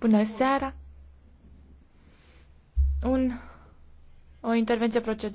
Bună seara. Un, o intervenție procedurală.